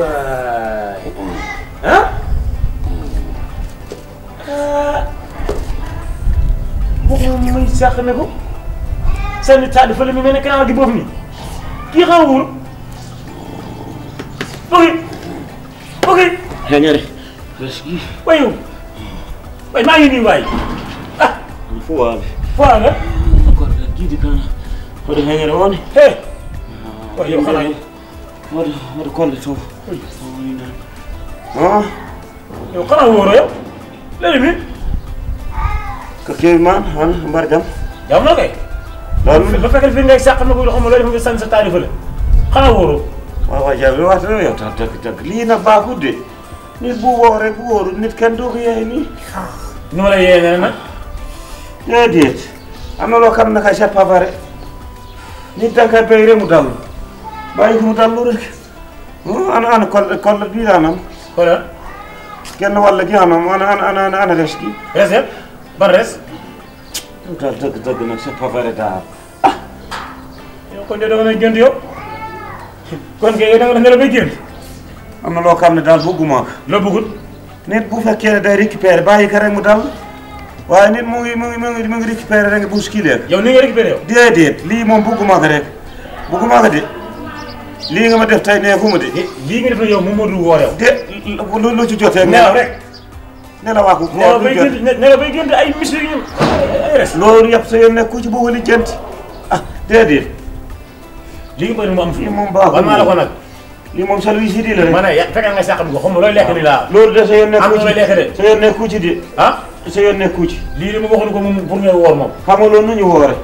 Right. Huh? Moom mooy sàq ne ko seen de taal mi mel ne gi boobu nii kii xaw Oké, oké. ok. yaa ngi rëkk. Waar yow waaye maa ngi ah. hey. wat yow xanaa Wat, ah. yow xanaa wóoroo yow léegi bi. kër kii man man Mbar Jam. jam na kay. loolu ba fekkee fi ngay sàq na ko yoo xam ne loolu dafa sa taalifa la xanaa wóoroo. waaw waaw jaa bi wax dëgg yow tam lii na baaxul de nit bu wooree bu wóorul nit kenn doo yee nii. nu la yee nee na. déedéet am na loo xam ne kay c'est pas vrai nit da nga koy béy rek mu dalu bàyyi ko mu dalu rek. ana ana kolle kolle ɗiɗa noon kono kenno walla gi hono ana ana ana ana res gi res hen ban res ɗum ta dogge dogge noon c'est pas vrai ah! da ah ko nde ɗogno gendi yo kon ke ɗogno ndelo ɓe gendi am na loo xam ne daal bëgguma ko loo bëggut nit bu fekkee ne day récupéré bàyyi ko rek mu dal waaye nit mu ngi mu ngi mu ngi mu ngi récupéré rek bu skilee yow ni nga récupéré yow déedéet lii moom bëgguma ko rek bëgguma ko de lii nga ma def tey nee fu mu de. Eh, lii nga def yow moom moo woo yow. de lu lu ci jotee. nelaw rek nelaw waaw ku. nelaw bay gën nelaw ay misiri ñun ay res. loolu yëpp sa yoon ci bëgg li jënd ah déedéet. lii nga bëri moom ba wala maa la ko nag. lii moom service yi di la ne ya fekkal nga sàqam ko xam nga looy lekk ni laa. loolu de sa yoon nekk ku ci na looy lekk de. sa yoon nekk ku ci di. ah sa yoon nekk ku ci. lii de ma waxoon ko moom pour nga woor moom. xam nga loolu nu ñu woore.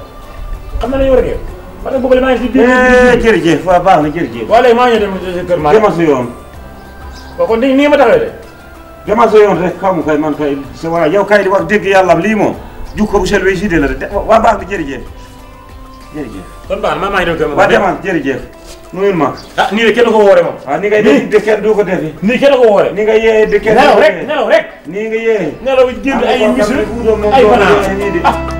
xam na la yow ma ne bëgg naa baax na jërëjëf. waaw léegi maa ngi dem si kër Mara. demal sa yoon. waaw kon nii ma taxawee de. demal sa yoon rek xam kay man kay sa wala yow kay di wax dégg yàlla lii moom jukko bu sel bi si de la de waaw baax na jërëjëf jërëjëf. kon baax na maa maa ngi dem kër Mara. waaw demal ma. nii de kenn ko woore moom. ni ngay def kenn du defi. nii kenn ko woore. ni nga yee de kenn. nelaw nii nga yee. nelaw jënd ay misu ay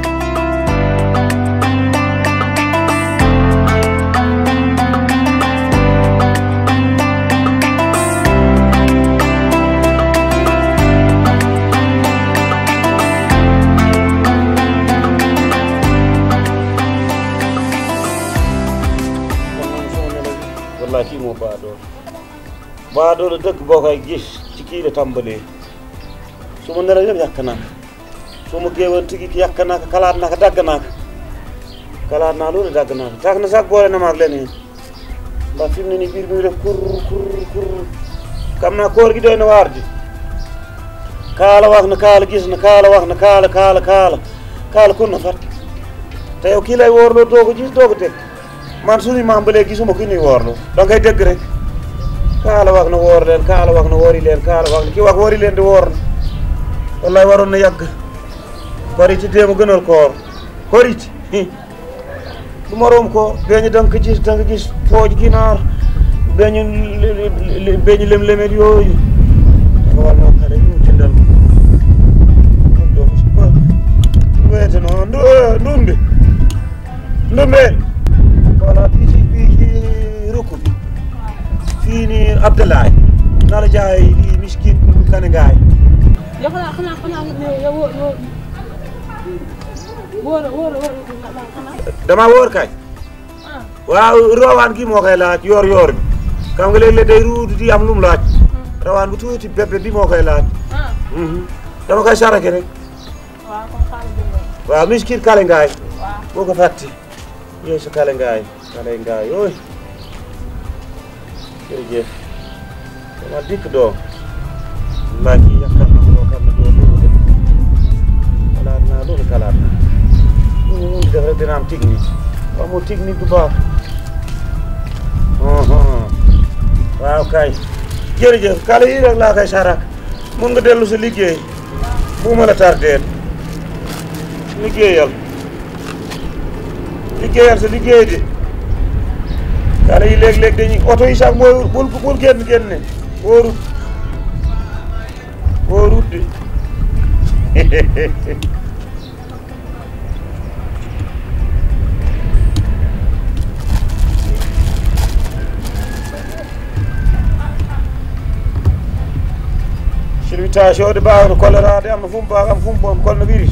waa doolu dëkk boo koy gis ci kii la tàmbalee su ma nelaw yëpp yàq naa ko su ma géewal tigi kalaat naa ko dagg naa kalaat naa loolu dagg naa ko na sak boole na ma ak leneen ndax fi mu ne nii biir bi mu def kur naa koor gi doy na waar ji kaala wax na kaala gis na kaala wax na kaala kaala kaala kun na fat te yow kii lay woorloo doo ko gis doo ko dégg man suñu maam ba léegi gisuma ku ñuy woorloo da ngay dégg rek kaala wax na woor leen kaala wax na woori leen kaala wax leen di woor na wallaay waroon na yàgg bari ci déemu gënal koor korite du moroom ko beñu da gi gis da nga gis pooj ginaar beñu beñu lem-lemet yooyu danga war noo xale ñu jëndal ko wete no ndumbi ndumbe Abdoulaye nala jaay miskit kanangaay dama wóor kay waaw roowaan gi moo koy laaj yoor yoor bi xam nga léeg-léeg day ruudu laaj mm-hmm. rawaan bu tuuti bépp bi moo koy laaj ah. mm-hmm. dama koy sarake rek waaw miskit kalengaay boo ko fàtte yooyu sa kalengaay kalengaay yooyu Waddik dong lagi yang kan mengeluarkan dulu kalarna dulu kalarna ini dengar denam tinggi kamu tinggi duba wow kai jadi jadi kali ini laa koy syarak. Mungkin dia lulus lagi, bukan bu target. Lagi ya. lagi ya, sa liggéey Kali ini yi léeg-léeg dañuy oto yi bul bul bul génn ni. Oru. Oru. Sirwita shode baawno koleraade am de fum baawam fum bom kolno virus.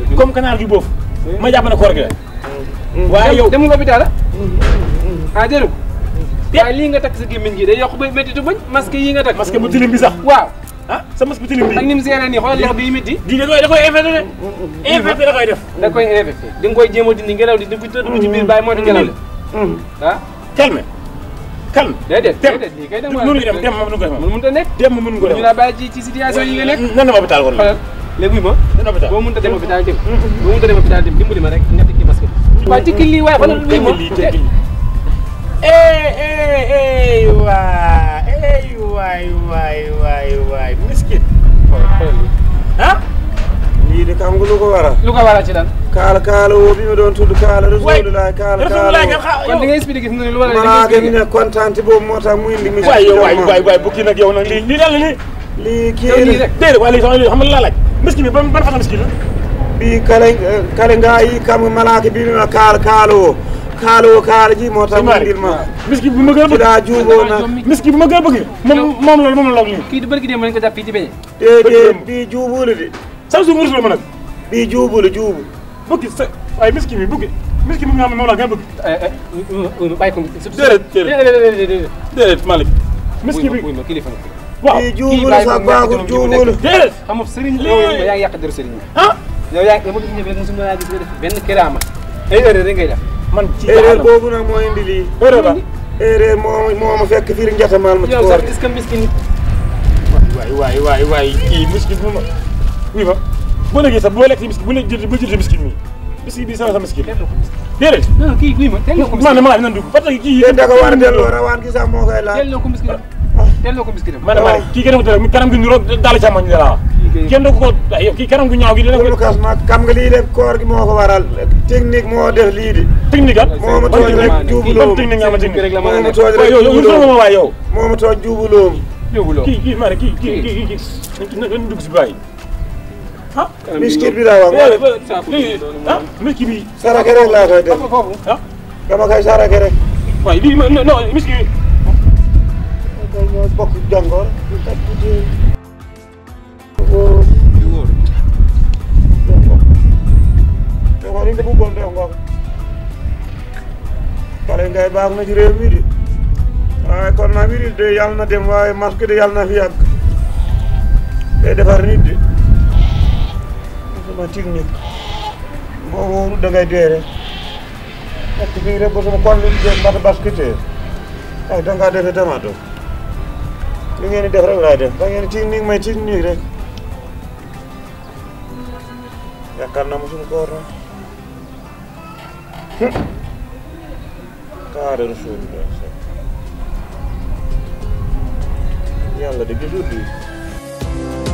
comme canard du boof ma japp na koor gi yow demul l'hôpital ah, hmm. ah jëlu waaye li nga tak sa gémmiñ gi day yokk ba tu bañ masque yi nga tak masque bu tilim bi sax waaw ah sa masque bu tilim bi ak nim mu ni xol lox bi metti di da koy da koy infecté hmm, hmm, infecté da koy def da koy infecté di ngoy koy dindi ngelaw di dugg ko ci biir bàyyi moytu ngelaw ah calme calme déedéet déedéet lii kay dem mënu dem dem mënu ko def mënu ta dem ko def ñu la ci situation yi nga nan na hôpital léegi ma. boo mënut a dem hôpital dem boo mënut a dem hôpital dem dimbali ma rek nga tekki masque bi. waaw tekki lii waaye xoolal lii ma tekki lii eh, eh, eh, eh waay eh waay waay waay waay miskin. ah. lii de xam nga lu ko waral. lu ko waral ci lan. kaala kaala woo bi ma doon tudd kaala. rasulullah kaala kaala woo kon di nga expliqué gis nga lu waral. maa ngi ne kontaan boobu moo tax muy indi. waay waay waay bu kii nag yow nag lii nii dal nii. lii kii rek déedéet waaye léegi xam nga laa laaj miski bi ban ban façon miski la bii kale kale ngaa yi kam malaaka bi ma kaal kaaloo kaaloo kaal ji moo tax mu ma miski bi ma gën a bëgg daa juuboo na miski bi ma gën a bëgg moom moom loolu moom la loog nii kii du bëri dem lañ ko jàpp fii ci bee déedéet bii juubulu de sa su wurus la ma nag bii juubulu juubu bëgg sa waaye miski bi bëgg miski bi nga xam ne moom laa gën a bëgg eh, eh, bàyyi ko déedéet déedéet déedéet Malick miski bi kilifa waaw kii Ibrahima sax baaxul juumul xam nga sëriñ yow yaa ngi yàq dër sëriñ ah yow yaa ngi dama dugg ñëw rek mosu mën a gis nga def benn kiraama ay erreur rek ngay def man ci erreur boobu nag moo indi lii erreur ba erreur moo moo ma fekk fiir njatamaal ma ci yow sax gis nga miskin waay waay waay waay kii miskin bu ma oui ba boo léegi sax boo lekk miskin bu léegi ba jël miskin mi miskin bi sama sa miskin déedéet kii guy ma teel na ko miskin man ma laaj nan dugg parce que kii da ko war a delloo rawaan gi sax moo koy laaj teel na ko miskin teel na ko bis gi kanam gi niróo daal di càmmoñ la kenn du ko kii kanam gu ñaaw gi. dina ko kas ma xam nga lii de gi moo ko waral technique moo def lii di. technique ah moo ma tooñ rek juubuloo technique nga ma technique moo ma tooñ rek juubuloo waaye yow moo ma tooñ juubuloo juubuloo kii kii maanaam kii kii kii kii nañ dugg si bàyyi ah miskit bi laa wax eh, ah eh, miskit bi sarake rek kayaknya bok ñu kita punya wóor ñu wóor jàngoor yi dafa bon def nga xale ngay baax na ci réew mi de yang kon naa wiril de yàlla na dem waaye masque de yàlla na fi yàgg day defar nit de sama technique boo wóoru da ngay dee rek nekk fii rek ba sama kon lu jëm bata basketeer waaye da ngaa ini yang di def ada. laay yang da ngeen ci mi ya karena musuh nii rek yaakaar naa mosul koor na